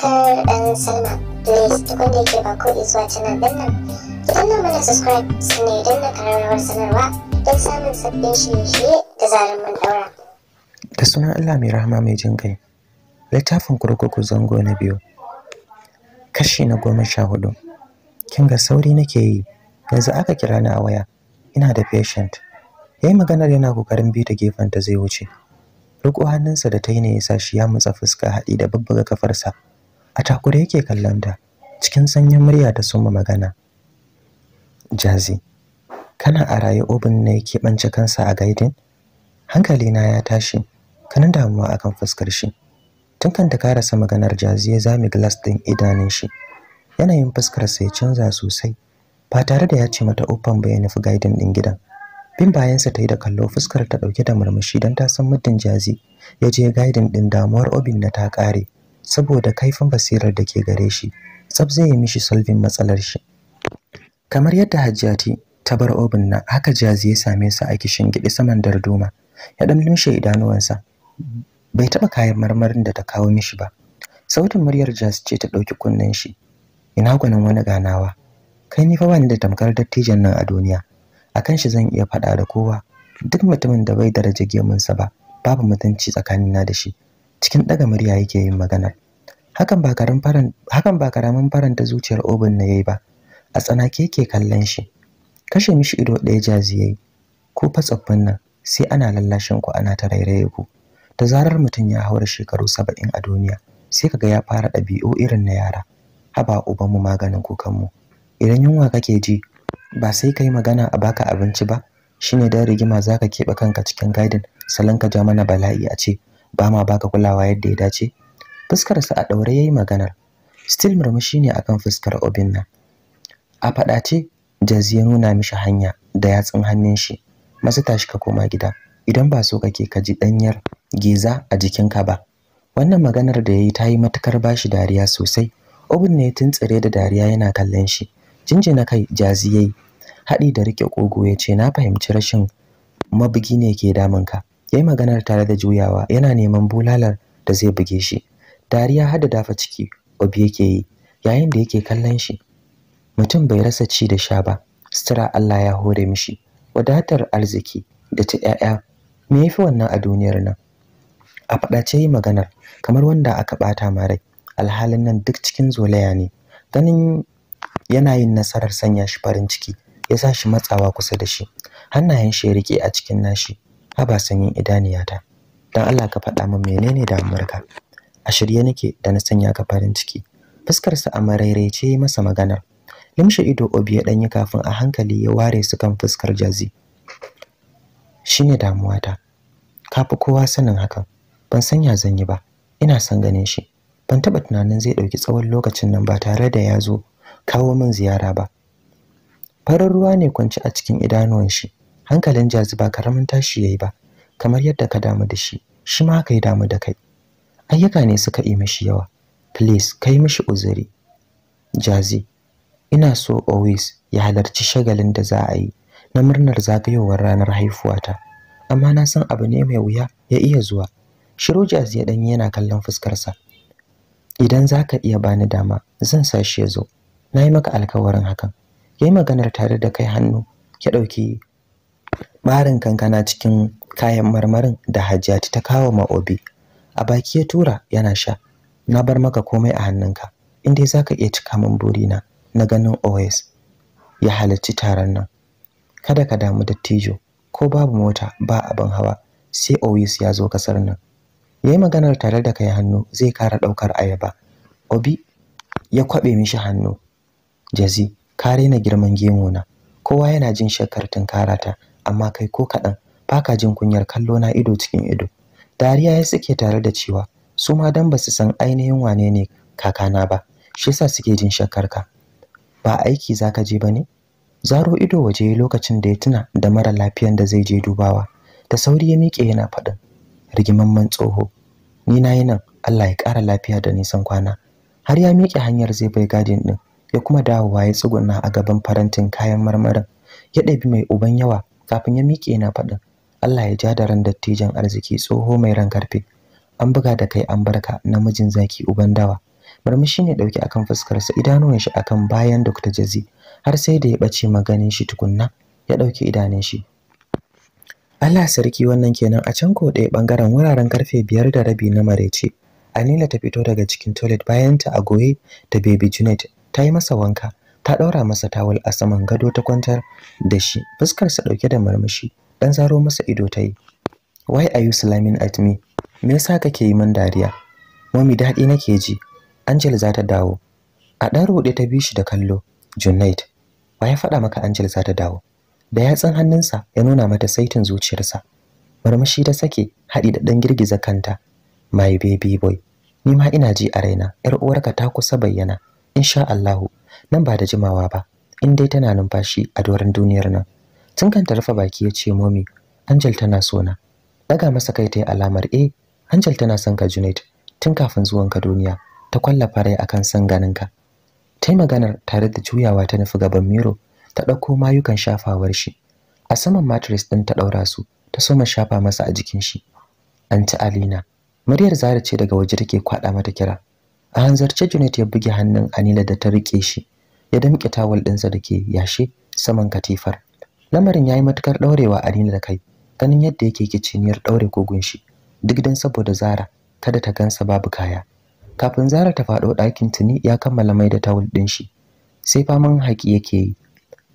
subscribe and sign up. Please da yake subscribe sanarwa don samun sabbin da sunan Allah mai rahama mai jin kai. Littafin kurkuku zango na biyu. Kashi na goma sha hudu. Kin ga sauri nake yi. Yanzu aka kira ni a waya. Ina da patient. yi maganar yana kokarin bi ta gefen ta zai wuce. riko hannunsa da ta yi ne ya sa shi ya matsa fuska haɗi da babbaga kafarsa a takure yake kallon ta cikin sanyin murya ta soma magana jazi kana a rayu obin ne yake bance kansa a gaidin Hankali na ya tashi kanan damuwa akan fuskar shi tun kan ta karasa maganar jazi ya zame glass ɗin idanun shi yanayin fuskar sa ya canza sosai ba tare da ya ce mata ofan ba ya nufi gaidin din gidan bin bayansa ta yi da kallo fuskar ta dauke da murmushi don ta san muddin jazi ya je gaidin din damuwar obin na ta kare saboda kaifin basirar da ke gare shi tsab zai yi mishi solvin matsalar shi kamar yadda hajjati ta bar obin na haka jazi ya same su a kishin gidi saman darduma ya dan lumshe idanuwansa bai taba kayan marmarin da ta kawo mishi ba sautin muryar jaz ce ta dauki kunnen shi ina gwanin wani ganawa kai ni fa ni da tamkar dattijan nan a duniya akan shi zan iya faɗa da kowa duk mutumin da bai daraja gemunsa ba babu mutunci tsakanina da shi cikin ɗaga murya yake yin maganar hakan ba karamin faranta zuciyar obin na yayi ba a tsanake yake kallon shi kashe mishi ido ɗaya jazi yayi ko fatsaffin nan sai ana lallashin ku ana ta rairaye ku da zarar mutum ya haura shekaru saba'in a duniya sai kaga ya fara ɗabi'u irin na yara haba ubanmu maganin kukanmu idan yunwa kake ji ba sai ka yi magana a baka abinci ba shine dan rigima zaka keɓe kanka cikin gadin salon ka ja mana bala'i a ce ba ma baka kulawa yadda ya dace fuskarsa a ɗaure yayi yi maganar still murmushi ne akan fuskar obin obinna a faɗace jazi ya nuna mishi hanya da yatsun hannun shi masu tashi ka koma gida idan ba so kake ka ji ɗanyar geza a jikinka ba wannan maganar da yayi yi ta yi matukar bashi dariya sosai obin ne tuntsire da dariya yana kallon shi na kai jazi yayi haɗi da riƙe ƙogo ya ce na fahimci rashin mabugi ne ke ka. yayi maganar tare da juyawa yana neman bulalar da zai buge shi dariya hada dafa ciki obi yake yi yayin da yake kallon shi mutum bai rasa ci da sha ba sutura Allah ya hore mishi wadatar arziki da ta 'ya'ya me yafi wannan a duniyar nan a faɗace yi maganar kamar wanda aka ɓata ma alhalin nan duk cikin zolaya ne ganin yanayin nasarar sanya shi farin ciki ya sa shi matsawa kusa da shi hannayen shi ya rike a cikin nashi haba sanyin idaniyata dan Allah ka faɗa min menene damuwarka a shirye nake da na sanya ka farin ciki fuskarsa a marairaice masa maganar limshe ido obi ya danyi kafin a hankali ya ware su kan fuskar jazi shine damuwata ka fi kowa sanin hakan ban sanya zan ba ina son ganin shi ban taɓa tunanin zai ɗauki tsawon lokacin nan ba tare da ya zo kawo min ziyara ba farar ruwa ne kwanci a cikin idanuwan shi hankalin jazi ba karamin tashi yayi ba kamar yadda ka damu da shi shi ma haka yi damu da kai ayyuka ne suka yi mishi yawa please kai mishi uzuri jazi ina so always ya halarci shagalin da za a yi na murnar zagayowar ranar haifuwata amma na san abu ne mai wuya ya iya zuwa shiru jazi ya danyi yana kallon fuskarsa idan za ka iya bani dama zan sa shi ya zo na yi maka alkawarin hakan ya yi maganar tare da kai hannu ki ɗauki ɓarin kankana cikin kayan marmarin da Hajiya ta kawo ma obi a baki ya tura yana sha na bar maka komai a hannunka in dai ka iya cika min burina na ganin OS ya halarci taron nan kada ka damu dattijo ko babu mota ba abin hawa sai OS ya zo kasar nan Ya yi maganar tare da kai hannu zai kara ɗaukar ayaba obi ya kwaɓe mishi hannu jazi ka raina girman gemu na kowa yana jin shakkar tunkarata amma kai ko kaɗan ba ka jin kunyar kallo na ido cikin ido dariya ya suke tare da cewa su ma dan ba su san ainihin wane ne kakana ba shi sa suke jin shakarka ka ba aiki za ka je ba ne zaro ido waje lokacin da ya tuna da mara lafiyan da zai je dubawa da sauri ya miƙe yana faɗin rigimamman tsoho ni na yi nan Allah ya ƙara lafiya da nisan kwana har ya miƙe hanyar zai bai gadin ɗin ya kuma dawowa ya tsuguna a gaban farantin kayan marmarin ya ɗabi mai uban yawa kafin ya miƙe na faɗin Allah ya ja da ran dattijan arziki tsoho mai ran karfe an buga da kai an barka namijin zaki uban dawa murmushi ne dauke akan fuskarsa idanuwan shi akan bayan Dr. Jazi har sai da ya bace maganin shi tukunna ya dauke idanun shi Allah sarki wannan kenan a can ko ɗaya bangaren wuraren karfe biyar da rabi na marece Anila ta fito daga cikin toilet bayan ta a goye da baby Junet ta yi masa wanka ta ɗaura masa tawul a saman gado ta kwantar da shi fuskarsa ɗauke da marmashi ɗan zaro masa ido ta yi why are you slamming at me me yasa kake yi min dariya mami daɗi nake ji angel za ta dawo a ɗan rude ta bi shi da kallo junaid wa ya faɗa maka angel za ta dawo da yatsan hannunsa ya nuna mata saitin zuciyarsa marmashi ta sake haɗi da ɗan girgiza kanta my baby boy ni ma ina ji a raina yar uwarka ta kusa bayyana insha Allahu nan ba da jimawa ba in dai tana numfashi a doron duniyar nan tun kan ta rufe baki ya ce momi Angel tana sona daga masa kai ta yi alamar eh Angel tana son ka Junaid tun kafin zuwanka duniya ta kwallafa rai akan san ganin ka yi maganar tare da juyawa ta nufi gaban miro ta ɗauko mayukan shafawar shi a saman mattress ɗin ta ɗaura su ta soma shafa masa a jikin shi anti alina muryar zara ce daga waje take kwaɗa mata kira a hanzarce Junet ya buge hannun Anila da ta rike shi ya damƙe tawul ɗinsa da ke yashe saman katifar lamarin ya yi matukar ɗaurewa Anila da kai ganin yadda yake kiciniyar ɗaure kogun shi duk dan saboda Zara kada ta gansa babu kaya kafin Zara ta faɗo ɗakin tuni ya kammala mai da tawul ɗin shi sai faman haƙi yake yi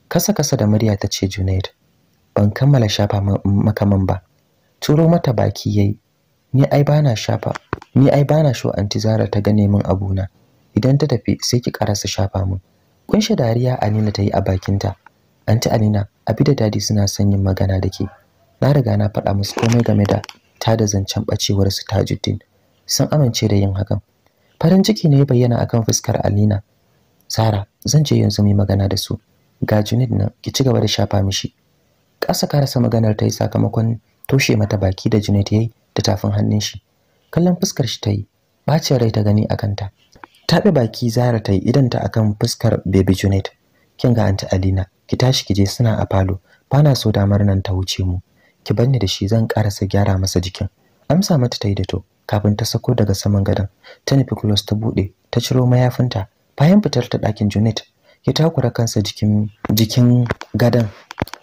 kasa kasa da murya ta ce Junaid ban kammala shafa makaman ba turo mata baki yayi ni ai bana shafa ni ai bana sho anti Zara ta gane min abuna idan ta tafi sai ki karasa shafa min kunshe dariya Alina ta yi a bakinta anti Alina abi da dadi suna son yin magana da ke na riga na faɗa musu komai game da ta da zancen bacewar su Tajuddin sun amince da yin hakan farin ciki ne ya bayyana akan fuskar Alina Zara zan je yanzu mai magana da su ga Junid nan ki ci gaba da shafa mishi ƙasa karasa maganar ta yi sakamakon toshe mata baki da Junid yayi da tafin hannun shi kallon fuskar shi ta yi bacin rai ta gani a kanta taɓe baki zara ta yi idan ta akan fuskar baby junet kin ga anti alina ki tashi ki je suna a falo bana so damar nan ta wuce mu ki banni da shi zan karasa gyara masa jikin amsa mata ta yi da to kafin ta sako daga saman gadon ta nufi kulos ta buɗe ta ciro mayafinta bayan fitar ta ɗakin junet Ki takura kansa jikin jikin gadon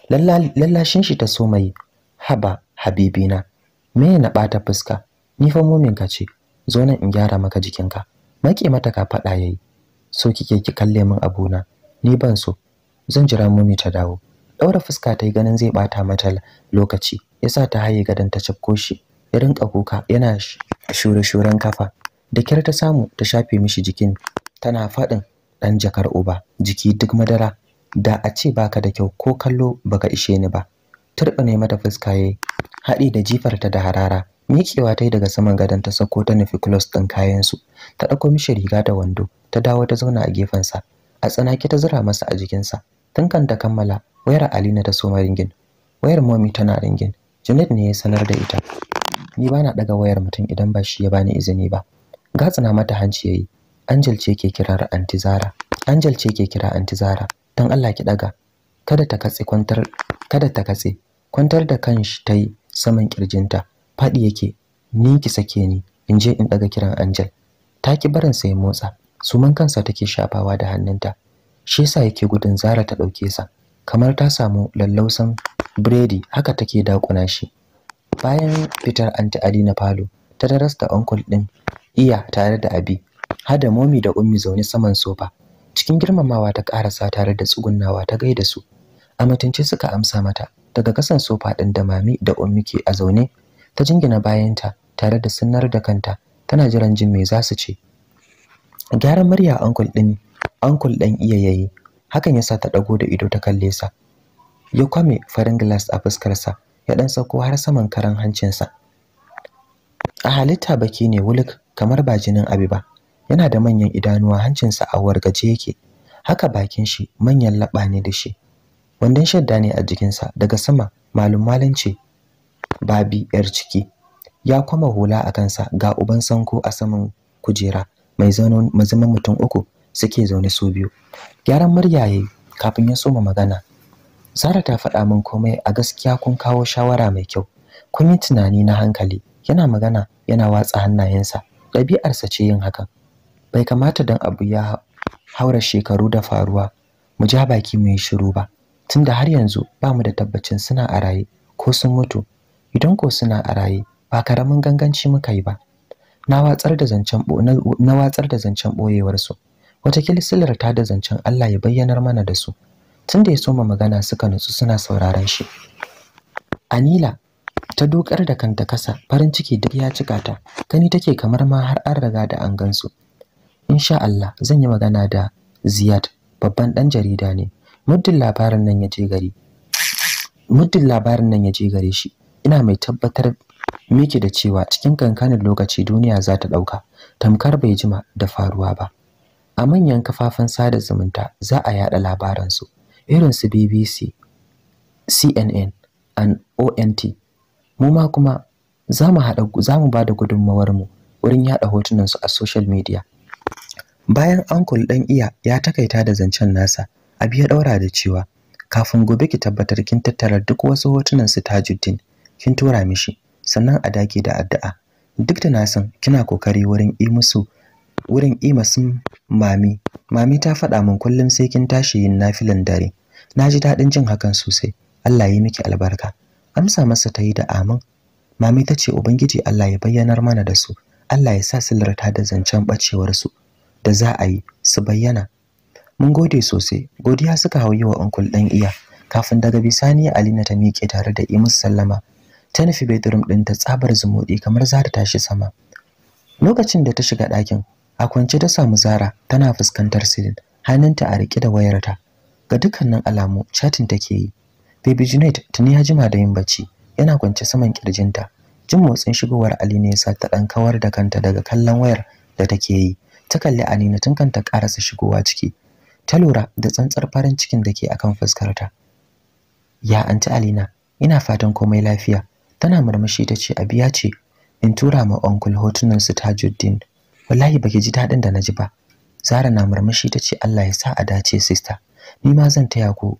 lallashin shi ta so mai haba habibina me na bata fuska ni fa mumin ka ce zo nan in gyara maka jikinka make mata ka fada yayi so kike ki kalle min abuna ni ban so zan jira mumi ta dawo daura fuska ta yi ganin zai bata mata lokaci yasa ta haye gadan ta cakko shi ya rinka kuka yana shure-shuren kafa da kyar ta samu ta shafe mishi jikin tana faɗin ɗan jakar uba jiki duk madara da a ce baka da kyau ko kallo baka ishe ni ba turɓa mata fuska yayi haɗi da jifarta da harara miƙewa ta yi daga saman gadon ta sako ta nufi kulos ɗin kayansu ta ɗauko mishi riga da wando ta dawo ta zauna a gefensa a tsanaki ta zura masa a jikinsa tun kan ta kammala wayar alina ta soma ringin wayar momi tana ringin junaid ne ya sanar da ita ni bana ɗaga wayar mutum idan ba shi ya bani izini ba gatsina mata hanci yayi angel ce ke kirar anti zara angel ce ke kira anti zara dan Allah ki ɗaga. kada ta katse kwantar kada ta katse kwantar da kanshi ta yi saman kirjinta faɗi yake ni ki sake ni in je in ɗaga kiran Angel ta ki barin sai motsa suman kansa take shafawa da hannunta shi yasa yake gudun Zara ta ɗauke sa kamar ta samu lallausan biredi haka take dakuna shi bayan fitar anti Ali na falo ta darasta uncle din iya tare da abi hada momi da ummi zaune saman sofa cikin girmamawa ta karasa tare da tsugunnawa ta gaida su a mutunci suka amsa mata daga kasan sofa ɗin da mami da ummi ke a zaune ta jingina bayanta tare da sunnar da kanta tana jiran jin me za su ce gyaran murya uncle ɗin uncle ɗan iya yayi hakan yasa ta ɗago da ido ta kalle sa ya kwame farin glass a fuskarsa ya ɗan sauko har saman karan hancinsa a halitta baki ne wulik kamar ba jinin abi ba yana da manyan idanuwa hancinsa a wargaje yake haka bakin shi manyan laba ne da shi wandon shadda ne a jikinsa daga sama malum ce babi yar ciki ya kwama hula a kansa ga uban sanko a saman kujera mai zaman mutum uku suke zaune su biyu gyaran muryaye kafin ya soma magana Zara ta faɗa min komai a gaskiya kun kawo shawara mai kyau kun yi tunani na hankali yana magana yana watsa hannayensa ɗabi'arsa ce yin hakan bai kamata don abu ya haura shekaru da faruwa mu ja baki mu shiru ba tunda har yanzu ba mu da tabbacin suna a raye ko sun mutu idan ko suna a raye ba karamin ganganci muka yi ba na watsar da zancen na watsar da zancen boyewar su wata kilisilar ta da zancen Allah ya bayyanar mana da su tunda ya soma magana suka nutsu suna sauraron shi Anila ta dokar da kanta kasa farin ciki duk ya cika ta gani take kamar ma har an riga da an gansu insha Allah zan yi magana da Ziyad babban dan jarida ne muddin labarin nan ya je gari muddin labarin nan ya je gare shi ina mai tabbatar miki da cewa cikin kankanin lokaci duniya za ta ɗauka tamkar bai jima da faruwa ba a manyan kafafen sada zumunta za a yaɗa labaransu irin su bbc cnn and ont mu ma kuma za mu haɗa za mu bada gudunmawarmu wurin yaɗa hotunansu a social media bayan ankul ɗan iya ya takaita da zancen nasa Abi ya daura da cewa kafin gobe ki tabbatar kin tattara duk wasu hotunan su Tajuddin kin tura mishi sannan a dake da addu'a duk da na san kina kokari wurin yi musu wurin yi masu mami mami ta faɗa min kullum sai kin tashi yin nafilan dare na ji daɗin jin hakan sosai Allah ya miki albarka amsa masa ta yi da amin mami ta ce ubangiji Allah ya bayyanar mana da su Allah ya sa silarta da zancen ɓacewarsu da za a yi su bayyana mun gode sosai godiya suka hau wa onkul dan iya kafin daga bisani alina ta miƙe tare da imus sallama ta nufi bedroom ɗin ta tsabar zumuɗi kamar za ta tashi sama lokacin da ta shiga ɗakin a kwance ta samu zara tana fuskantar silin hannunta a riƙe da wayarta ga dukkanin alamu chatting take yi baby junet tuni ya jima da yin bacci yana kwance saman kirjinta jin motsin shigowar ali ya yasa ta ɗan kawar da kanta daga kallon wayar da take yi ta kalli Alina tun kanta karasa shigowa ciki ta lura da tsantsar farin cikin da ke akan fuskarta ya anti alina ina fatan komai lafiya tana murmushi ta ce biya ce in tura ma uncle hotunan su tajuddin wallahi baki ji dadin da naji ba zara na murmushi ta ce Allah ya sa a dace sister ni ma zan taya ku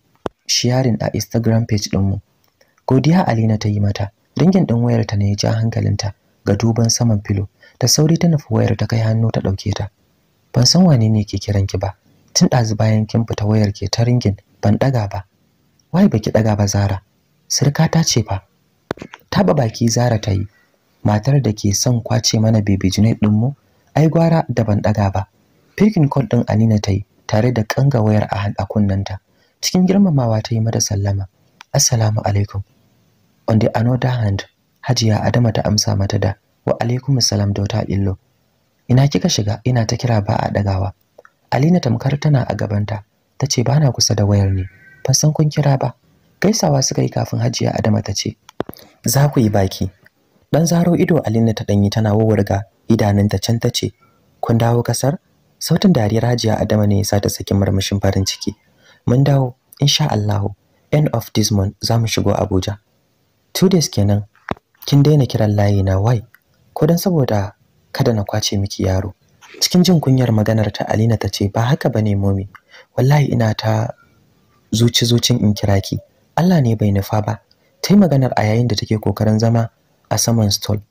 sharing a instagram page dinmu godiya alina ta yi mata dingin din wayar ta ne ya ja hankalinta ga duban saman filo Ta sauri ta nufi wayar ta kai hannu ta dauke ta ban san wane ne ke kiran ba tun ɗazu bayan kin fita wayar ke ta ringin ban ɗaga ba wai baki ɗaga ba zara sirka ta ce fa taɓa baki zara ta yi matar da ke son kwace mana baby junaid ɗinmu ai gwara da ban ɗaga ba Fikin kod ɗin anina ta yi tare da kanga wayar a kunnanta cikin girmamawa ta yi mata sallama assalamu alaikum on the another hand hajiya adama ta amsa mata da wa alaikum salam dauta illo ina kika shiga ina ta kira ba a ɗagawa Alina tamkar tana a gabanta ta ce bana kusa da wayar ne ban san kun kira ba gaisawa suka yi kafin Hajiya Adama ta ce za ku yi baki dan zaro ido Alina ta danyi tana ga idanunta can ta ce kun dawo ƙasar? sautin dariyar Hajiya Adama ne ya ta saki murmushin farin ciki mun dawo insha Allah end of this month za mu shigo Abuja two days kenan kin daina kiran layi na wai ko dan saboda kada na kwace miki yaro cikin jin kunyar maganar ta Alina ta ce ba haka bane momi wallahi ina ta zuci zucin in kira ki Allah ne bai nufa ba tai maganar a yayin da take kokarin zama a saman stall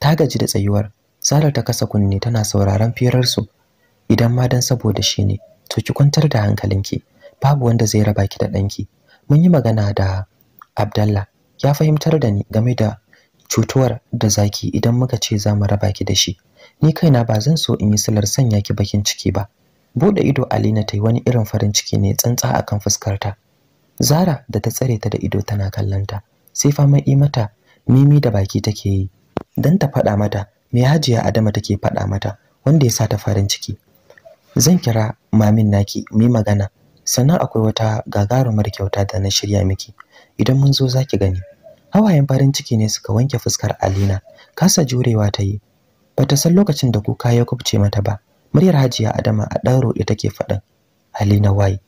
ta gaji da tsayuwar Zara ta kasa kunne tana sauraron firar su idan ma dan saboda shi ne to ki kwantar da hankalinki babu wanda zai raba ki da danki mun yi magana da Abdallah ya fahimtar da ni game da cutuwar da zaki idan muka ce za mu raba ki da shi ni kaina ba zan so in yi silar sanya ki bakin ciki ba bude ido Alina ta yi wani irin farin ciki ne tsantsa akan fuskarta Zara da ta tsare ta da ido tana kallanta sai fama yi mata mimi da baki take yi dan ta faɗa mata me hajiya Adama take faɗa mata wanda ya sa ta farin ciki zan kira mamin naki mu magana sannan akwai wata gagarumar kyauta da na shirya miki idan mun zo zaki gani hawayen farin ciki ne suka wanke fuskar Alina kasa jurewa ta yi bata san lokacin da kuka ya kubce mata ba muryar hajiya adama a ɗan roɗe take faɗin halina wai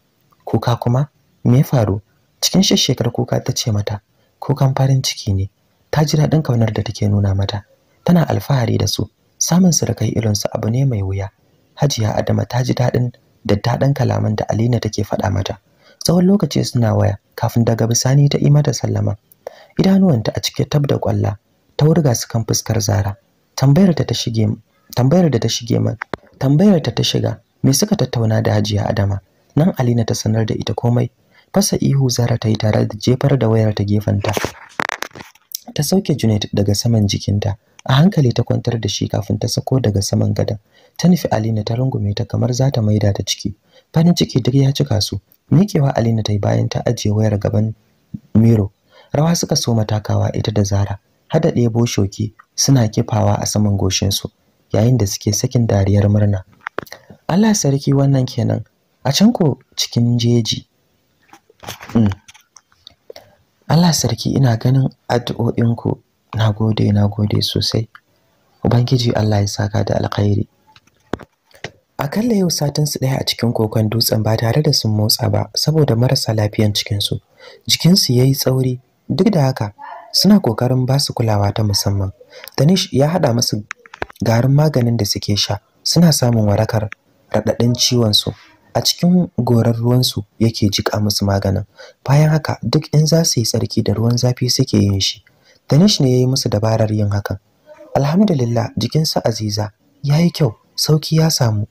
kuka kuma me ya faru cikin shekar kuka ta ce mata kukan farin ciki ne ta ji daɗin kaunar da take nuna mata tana alfahari da su samun su da kai irinsu abu ne mai wuya hajiya adama ta ji daɗin da daɗin kalaman da alina take faɗa mata tsawon lokaci suna waya kafin daga bisani ta yi mata sallama idanuwanta a cike tab da kwalla ta wurga su kan fuskar zara tambayar da ta shige tambayar da ta shige min tambayar ta ta shiga me suka tattauna da Hajiya Adama nan Alina ta sanar da ita komai fasa ihu Zara ta yi tare da jefar da wayar ta gefanta ta sauke Junaid daga saman jikinta a hankali ta kwantar da shi kafin ta sako daga saman gadon ta nufi Alina ta rungume ta kamar za ta maida ta ciki farin ciki duk ya cika su miƙewa Alina ta yi bayan ta ajiye wayar gaban Miro rawa suka so matakawa ita da Zara hada ɗebo shoki suna kifawa a saman goshinsu yayin da suke sakin dariyar murna Allah sarki wannan kenan a can ko cikin jeji hmm. Allah sarki ina ganin addu'o'inku nagode nagode sosai ubangiji Allah ya saka da alkhairi akalla yau satin su ɗaya a cikin kokon dutsen ba tare da sun motsa ba saboda marasa lafiyan cikinsu, jikinsu jikin su yayi tsauri duk da haka suna kokarin ba su kulawa ta musamman Danish ya haɗa musu garin maganin da suke sha suna samun warakar raɗaɗin ciwon su a cikin goran ruwan su yake jika musu maganin bayan haka duk in za su yi tsarki da ruwan zafi suke yin shi Danish ne ya yi musu dabarar yin hakan alhamdulillah jikinsa aziza ya yi kyau sauki ya samu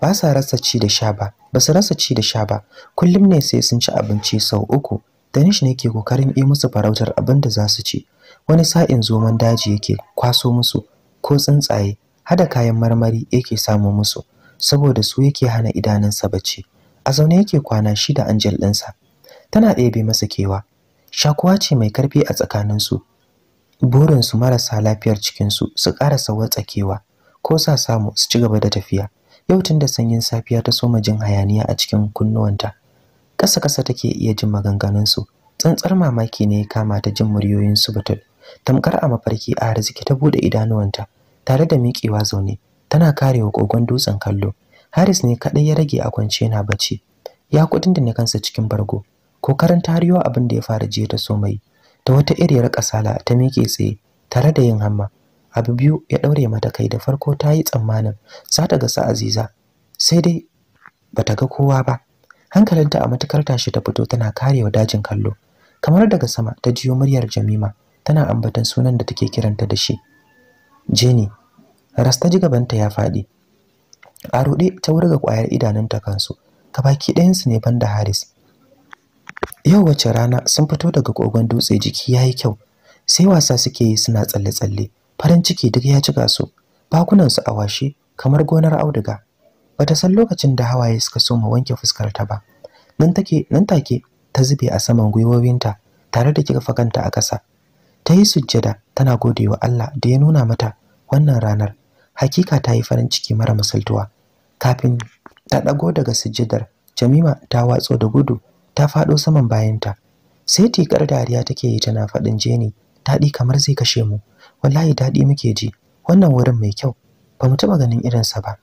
ba sa rasa ci da sha ba ba su rasa ci da sha ba kullum ne sai sun ci abinci sau uku Danish ne ke kokarin yi musu farautar abin da za su ci. Wani sa'in zoman daji yake kwaso musu ko tsuntsaye, hada kayan marmari yake samu musu saboda su yake hana idanunsa bacci. A zaune yake kwana shi da Angel ɗinsa. Tana ɗebe masa kewa. Shakuwa ce mai karfi a tsakaninsu. Burinsu marasa lafiyar cikinsu su ƙarasa watsakewa ko sa samu su ci gaba da tafiya. Yau tun da sanyin safiya ta soma jin hayaniya a cikin kunnuwanta. Kasa-kasa kasa take iya jin maganganun su tsantsar mamaki ne ya kama ta jin muryoyin su batul tamkar a mafarki a arziki ta bude idanuwanta tare da miƙewa zaune tana karewa kogon dutsen kallo haris ne kadai ya rage a kwance yana bacci ya kudin da ne kansa cikin bargo kokarin tariyo abin da ya fara jiya ta somai ta wata iriyar kasala ta miƙe tsaye tare da yin hamma abu biyu ya daure mata kai da farko ta yi tsammanin za ta ga sa aziza sai dai bata ga kowa ba hankalinta a matukar tashi ta fito tana karewa dajin kallo kamar daga sama ta jiyo muryar Jamima tana ambaton sunan da take kiranta da shi Jenny rasta ji gabanta ya faɗi a rude ta wurga ƙwayar idanunta kansu baki ɗayansu ne banda Haris yau wace rana sun fito daga kogon dutse jiki yayi kyau sai wasa suke yi suna tsalle-tsalle farin ciki duk ya cika su bakunansu a washe kamar gonar auduga bata san lokacin da hawaye suka so mu wanke fuskar ta ba nan take nan take ta zube a saman gwiwowinta tare da kika fakanta a ƙasa ta yi sujjada tana godewa Allah da ya nuna mata wannan ranar hakika ta yi farin ciki mara misaltuwa kafin ta ɗago daga sujjadar Jamima ta watso da gudu ta faɗo saman bayanta sai tikar dariya take yi tana faɗin jeni daɗi kamar zai kashe mu wallahi daɗi muke ji wannan wurin mai kyau ba mu taɓa ganin irinsa ba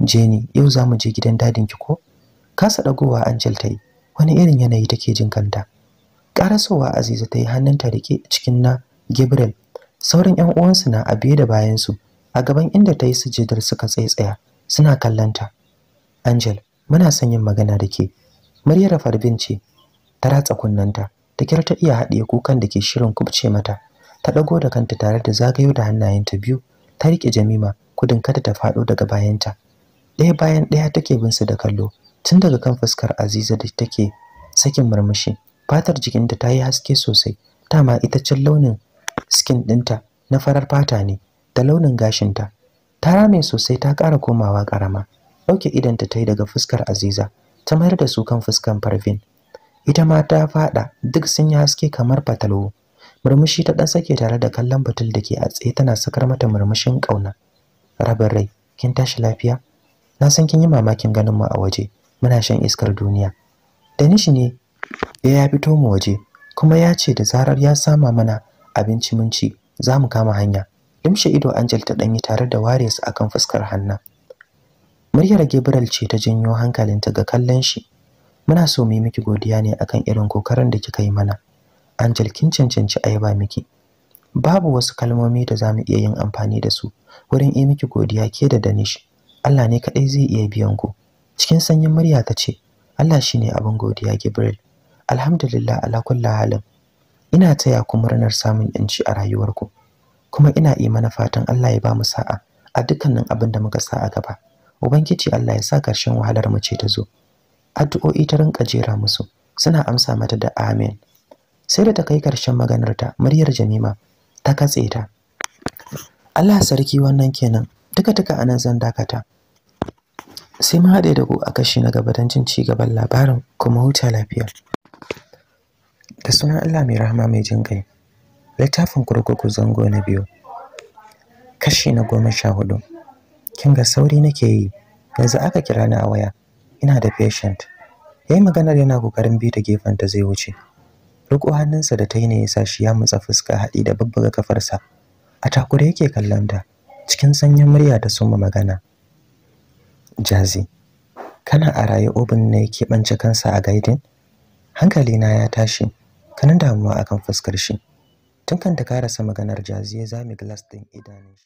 Jenny, yau za mu je gidan dadinki ko? Kasa ɗagowa Angel ta yi, wani irin yanayi take jin kanta. Ƙarasowa Aziza ta yi hannunta rike cikin na Gabriel. Sauran 'yan uwansu na a biye da bayansu, a gaban inda ta yi sujadar suka tsaitsaya, suna kallanta. Angel, muna son yin magana da ke. Maryar Farbin ce, ta ratsa kunnanta, ta kira ta iya haɗiye kukan da ke shirin kubce mata. Ta ɗago da kanta tare da zagayo da hannayenta biyu, ta rike Jamima, kudin kada ta faɗo daga bayanta. ɗaya bayan ɗaya take bin su da kallo tun daga kan fuskar aziza da take sakin murmushi fatar jikinta ta yi haske sosai ma ita cin launin skin ɗinta na farar fata ne da launin gashinta ta rame sosai ta ƙara komawa ƙarama ɗauke idanta ta yi daga fuskar aziza ta mayar da su kan fuskan farfin, ita ma ta faɗa duk sun yi haske kamar fatalwo murmushi ta ɗan sake tare da kallon batul da ke a tsaye tana sakar mata murmushin ƙauna rabin rai kin tashi lafiya na san kin yi mamakin ganin mu a waje muna shan iskar duniya da nishi ne ya fito mu waje kuma ya ce da zarar ya sama mana abinci mun ci za mu kama hanya limshe ido Angel ta danyi tare da Waris akan fuskar Hanna muryar gebral ce ta janyo hankalinta ga kallon shi muna so mu yi miki godiya ne akan irin kokarin da kika yi mana Angel kin cancanci ayaba miki babu wasu kalmomi da za mu iya yin amfani da su wurin yi miki godiya ke da Danish Allah ne kaɗai zai iya biyan ku cikin sanyin murya ta ce Allah shine abin godiya Gibril. alhamdulillah ala kulli halin ina taya ku murnar samun yanci a rayuwarku kuma ina yi fatan Allah ya ba mu sa'a a dukkanin abin da muka sa a gaba ubangiji Allah ya sa ƙarshen wahalar mu ce ta zo addu'o'i ta rinka jera musu suna amsa mata da amin sai da ta kai ƙarshen maganar ta muryar Jamima ta katse ta Allah sarki wannan kenan duka duka anan zan dakata sai mun haɗe da ku a kashi na gaba don jin ci gaban labarin kuma huta lafiya da sunan Allah mai rahama mai jin kai littafin kurkuku zango na biyu kashi na goma sha hudu kin ga sauri nake yi yanzu aka kira ni a waya ina da patient yi maganar yana kokarin biyu da gefen ta zai wuce riko hannunsa da ta yi ne ya sa shi ya mutsa fuska haɗi da babbaga kafarsa a takura yake kallon ta cikin sanyin murya ta suma magana jazi kana a raye obin ne ke bance kansa a gaidin hankali na ya tashi kanin damuwa akan fuskar shi tun kan ta karasa maganar jazi ya zame glass din idanun shi